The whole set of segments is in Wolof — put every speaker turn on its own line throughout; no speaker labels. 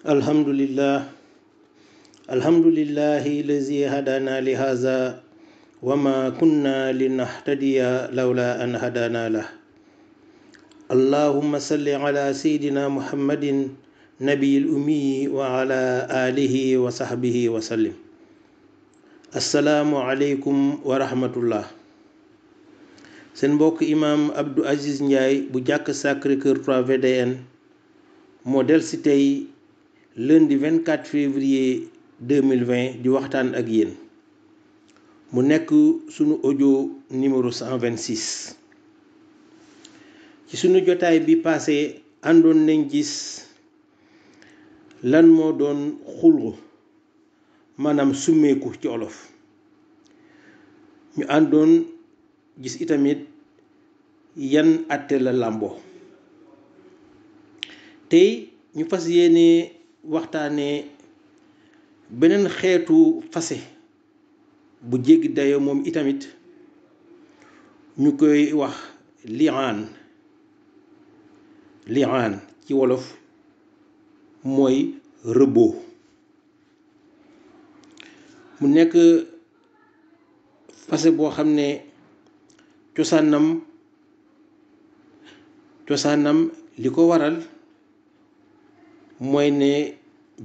الحمد لله الحمد لله الذي هدانا لهذا وما كنا لنهتدي لولا أن هدانا له اللهم صل على سيدنا محمد نبي الأمي وعلى آله وصحبه وسلم asalaamualeykum wa rahmatullah seen mbokk imaam Abdou Aziz Ndiaye bu jàkk Sacré-Cœur 3 VDN moo del si tey lundi 24 février 2020 di waxtaan ak yéen mu nekk sunu audio numéro 126 ci sunu jotaay bi passé àndoon nañ gis lan moo doon xulru maanaam summeeku ci olof ñu àndoon gis itamit yan àtte la làmboo tey ñu fas yéenee waxtaanee beneen xeetu fase bu jéggi dayo moom itamit ñu koy wax liaan liaan ci wolof mooy rëbbo mu nekk fase boo xam ne cosaanam cosaanam li ko waral mooy ne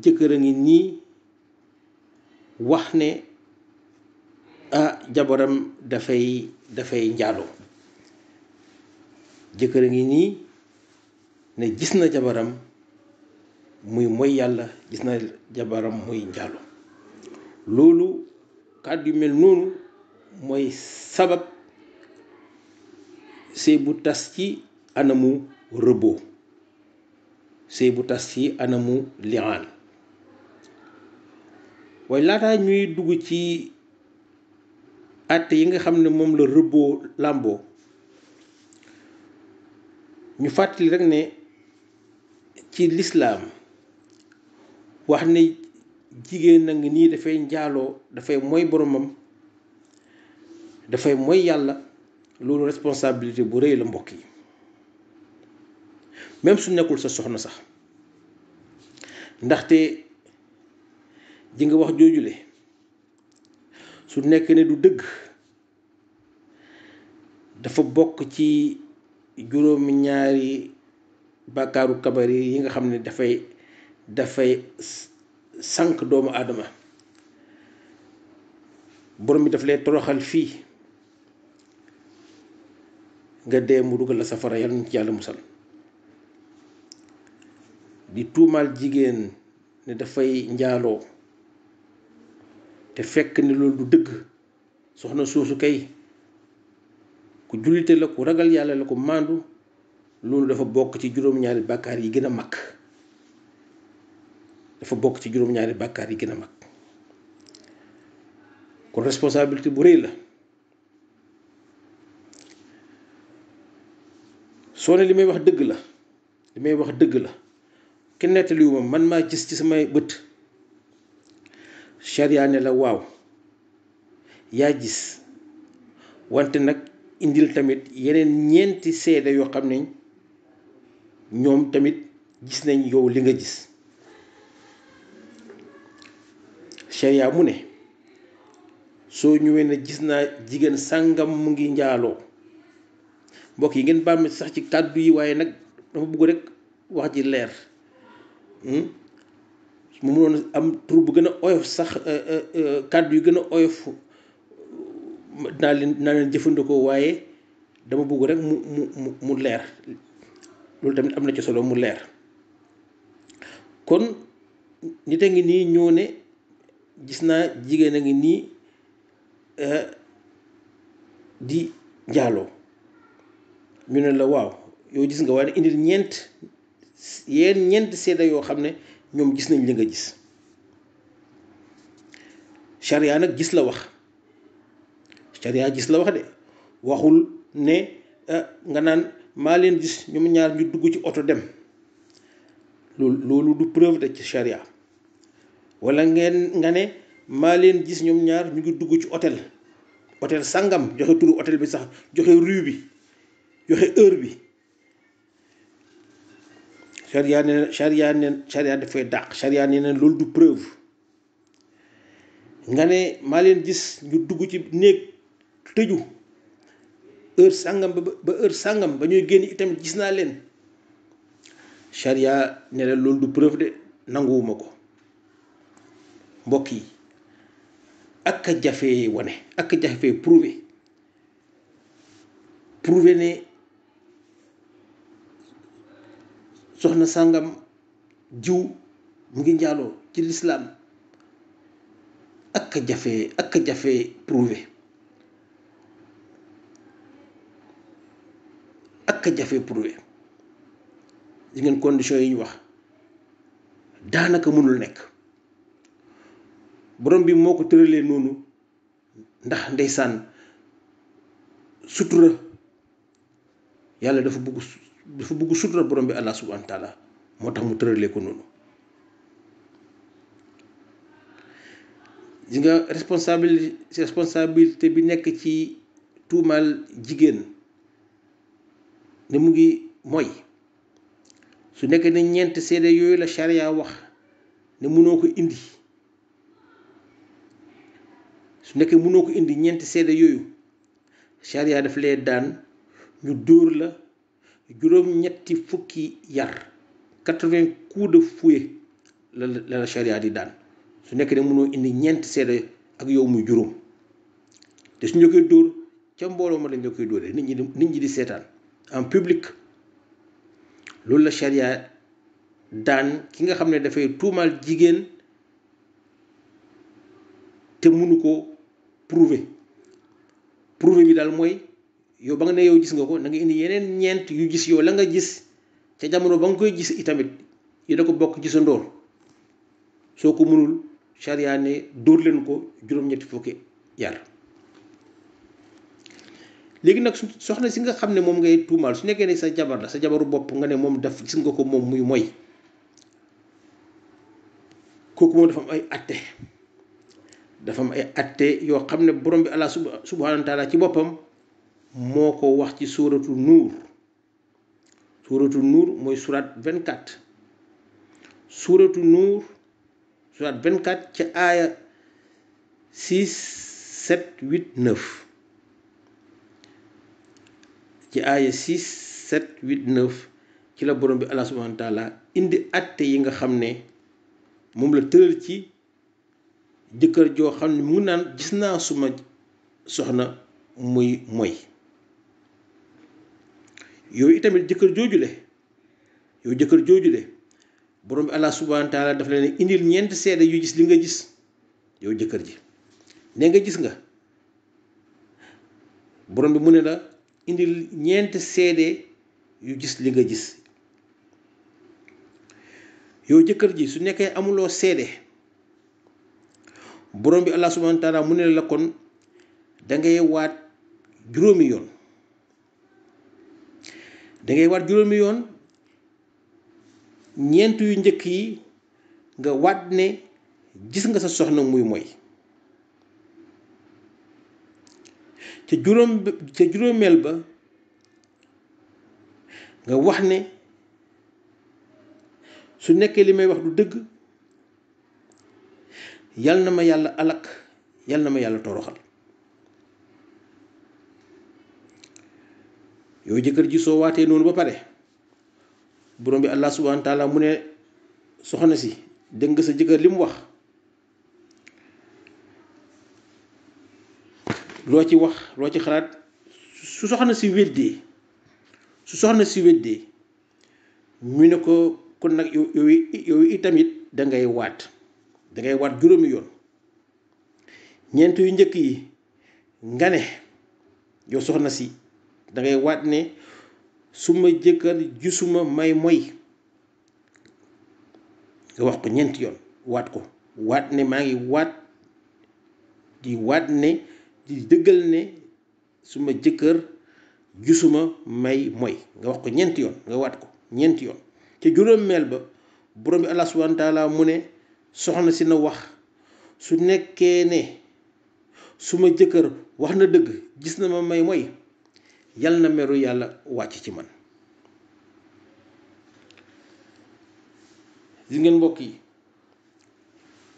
jëkkër a ngi nii wax ne ah jabaram dafay dafay njaaloo jëkkër a ngi nii ne gis na jabaram muy mooy yàlla gis na jabaram muy njaaloo loolu kàddu yu mel noonu mooy sabab sëy bu tas ci anamu rëbboo sëy bu tas ci anamu liaan waaye laataa ñuy dugg ci àtte yi nga xam ne moom la rëbboo làmboo ñu fàttali rek ne ci lislaam wax ne jigéen na ngi nii dafay njaaloo dafay mooy boromam dafay moy yàlla loolu responsabilité bu rëy la mbokk yi même su nekkul sa soxna sax ndaxte ji nga wax joojule su nekk ne du dëgg dafa bokk ci juróomi ñaari bàkkaaru kabar yi nga xam ne dafay dafay sànq doomu aadama borom bi daf lay toroxal fii nga dee mu dugal la safara yàlla na ci yàlla musal di tuumaal jigéen ne dafay njaaloo te fekk ni loolu du dëgg soxna soosu kay ku jullite la ku ragal yàlla la ku màndu loolu dafa bokk ci juróom-ñaari bàkkaar yi gën a mag dafa bokk ci juróom bàkkaar yi gën a mag kon responsabilité bu réy la soo ne li may wax dëgg la li may wax dëgg la ki nettaliwu ma man maa gis ci samay bët charia ne la waaw yaa gis wante nag indil tamit yeneen ñeenti seede yoo xam ne ñoom tamit gis nañ yow li nga gis charia mu ne soo ñëwee ne gis naa jigéen sàngam mu ngi njaaloo mbokk yi ngeen baal ma sax ci kàddu bi waaye nag dama bëgg rek wax ji leer Hmm? mu mënoon am tur bu gën a oyof sax euh, euh, euh, kàddu yu gën a oyof naa leen naa jëfandikoo waaye dama bugg rek mu mu mu mu leer loolu tamit am na ci solo mu leer kon nit a ngi nii ñoo ne gis naa jigéen a ngi nii di njaaloo ñu ne la waaw yow gis nga waaye indil ñeent yéen ñeenti seede yoo xam ne ñoom gis nañ li nga gis charia nag gis la wax charia gis la wax de waxul ne eh, nga naan maa leen gis ñoom ñaar ñu dugg ci oto dem loolu loolu du preuve de ci charia wala ngeen nga ne maa leen gis ñoom ñaar ñu ngi dugg ci hôtel hôtel sangam joxe turu hôtel bi sax joxe rue bi joxe heure bi charia nee na charia dafay dàq charia nee na loolu du preuve nga ne maa leen gis ñu dugg ci néeg tëju heure sàngam ba ba heure sàngam ba ñuy génn itam gis naa leen charia nee na loolu du preuve de nanguwuma ko mbokk yi ak a jafee wane ak a jafee prouver prouver ne soxna sàngam jiw mu ngi njaaloo ci lislaam ak jafe ak jafe prouvé ak jafe prouvé yi ngeen condition yi ñu wax daanaka mënul nekk borom bi moo ko tëralee noonu ndax ndeysaan sutura yàlla dafa bëgg dafa bëgg sutura borom bi allah subhanahu wa moo tax mu tëralee ko noonu di nga responsabilité bi nekk ci tuumaal jigéen ne mu ngi mooy su nekkee ne ñeent seede yooyu la charia wax ne mënoo ko indi su nekkee mënoo ko indi ñeenti seede yooyu charia daf lay daan ñu dóor la juróom-ñetti fukki yar quatre-vingts coups de fouet la la la di daan su nekk ne mënoo indi ñeenti seede ak yow muy juróom te su la koy dóor ca mbooloo ma lañ la koy dóoree nit ñi di nit ñi di seetaan en public loolu la charia daan ki nga xam ne dafay tuumaal jigéen te mënu ko prouver prouver bi daal mooy yow ba nga ne yow gis nga ko na nga indi yeneen ñeent yu gis yow la nga gis ca jamono ba nga koy gis itamit yi da ko bokk gisandoo soo ko mënul charia ne dóor leen ko juróom-ñetti fukki yar léegi nag su soxna si nga xam ne moom ngay tuumaal su nekkee ne sa jabar la sa jabaru bopp nga ne moom daf gis nga ko moom muy moy kooku moom dafa am ay atte dafa am ay atte yoo xam ne borom bi allah subhanahu wa taala ci boppam moko wax ci suuratu nur suuratu nur moy surat 24 suuratu nur surat 24 ci aya 6 7 8 9 ci aya 6 7 8 9 ci la borom bi allah subhanahu wa taala indi atte yi nga xamne mom la teul ci jëkkër joo xam ne mu naan gis naa suma soxna muy moy yooyu itamit jëkkër joojule yow jëkkër joojule borom bi allah subhanahu wa taala daf indil ñeenti seede yu gis li nga gis yow jëkkër ji ne nga gis nga borom bi mu ne la indil ñeent seede yu gis li nga gis yow jëkkër ji su nekkee amuloo seede borom bi allah subhanahu mu ne la kon da ngay waat juróomi yoon dangay ngay juróomi yoon ñeent yu njëkk yi nga waat ne gis nga sa soxna muy mooy ca juróom ca juróomeel ba nga wax ne su nekkee li may wax du dëgg yal na ma yàlla alak yal na ma yàlla toroxal yow jëkkër ji soo waatee noonu ba pare borom bi allah subhanahu mu ne soxna si dégg nga sa jëkkër li wax loo ci wax loo ci xalaat su soxna si weddee su soxna si weddee ñu ne ko kon nag yow yow itamit da ngay waat da waat juróomi yoon ñeent yu njëkk yi nga ne yow soxna si. dangay waat ne suma jëkkër gisuma may moy nga wax ko ñeenti yoon waat ko waat ne maa ngi waat di waat ne di dëggal ne suma jëkkër gisuma may moy nga wax ko ñenti yoon nga waat ko ñeenti yoon te juróom-meel ba boroom bi allah subhanahu mu ne soxna si na wax su nekkee ne suma jëkkër wax na dëgg gis na ma may moy yal na meru yàlla wàcc ci man gis ngeen mbokk yi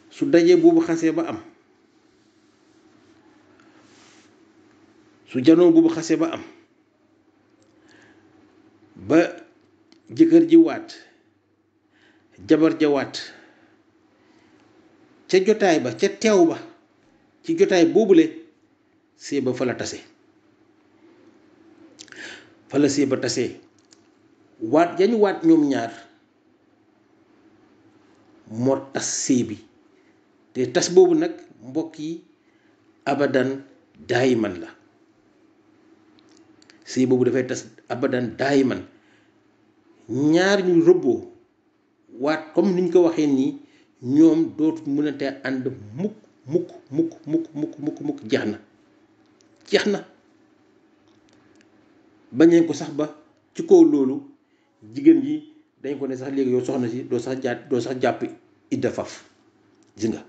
su dajee boobu xasee ba am su janoo boobu xasee ba am ba jëkkër ji waat jabar ja waat ca jotaay ba ca teew ba ci jotaay boobule see ba fa la tase fa la ba tassé wat yañ wat ñom ñaar mo tas bi té tas bobu nak mbokk yi abadan diamond la la bobu da fay tass abadan diamond, nyar ñaar ñu rëbboo wat comme niñ ko waxé ni ñom dootu mëna té muk muk muk muk muk muk muk muk jaxna jaxna bañ nañ ko sax ba ci kaw loolu jigéen ji dañ ko ne sax léegi yow soxna si doo sax jaat sax jàpp idda faf jinga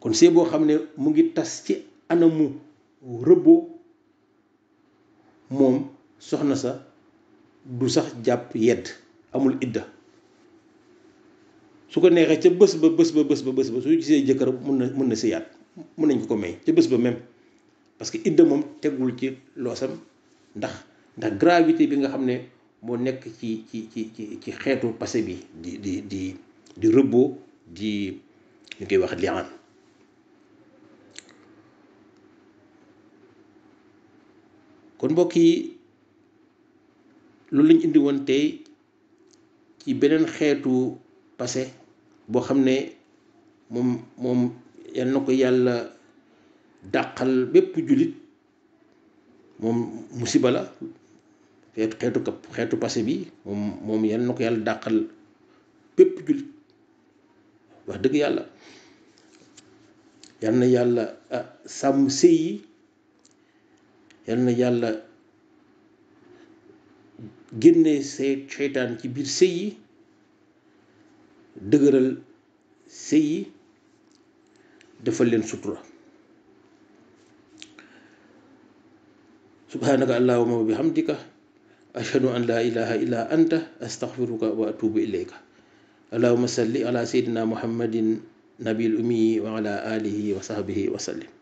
kon sëy boo xam ne mu ngi tas ci anamu rëbboo moom soxna sa du sax jàpp yedd amul idda su ko neexee ca bés ba bés ba bés ba bés ba su gisee jëkkër mun na mun na sëyaat mun nañ ko ko may ca bés ba même parce que idda moom tegul ci loosam ndax ndax gravité bi nga xam ne moo nekk ci ci ci ci ci xeetu passé bi di di di di rëbboo di ñu koy wax liaan kon mbokk yi loolu lañ indi woon tey ci beneen xeetu passé boo xam ne moom moom yal na ko yàlla dàqal bépp jullit moom musiba la xeetu xeetu këpp xeetu passé bi moom moom yal na ko yàlla dàqal bépp jullit wax dëgg yàlla yal na yàlla ah, sàmm sëy yi yal na yàlla génne say seytaan ci biir sëy yi dëgëral sëy yi defal leen sutura سبحانك اللهم وبحمدك أشهد أن لا إله إلا أنت أستغفرك وأتوب إليك اللهم صل على سيدنا محمد نبي الأمي وعلى آله وصحبه وسلم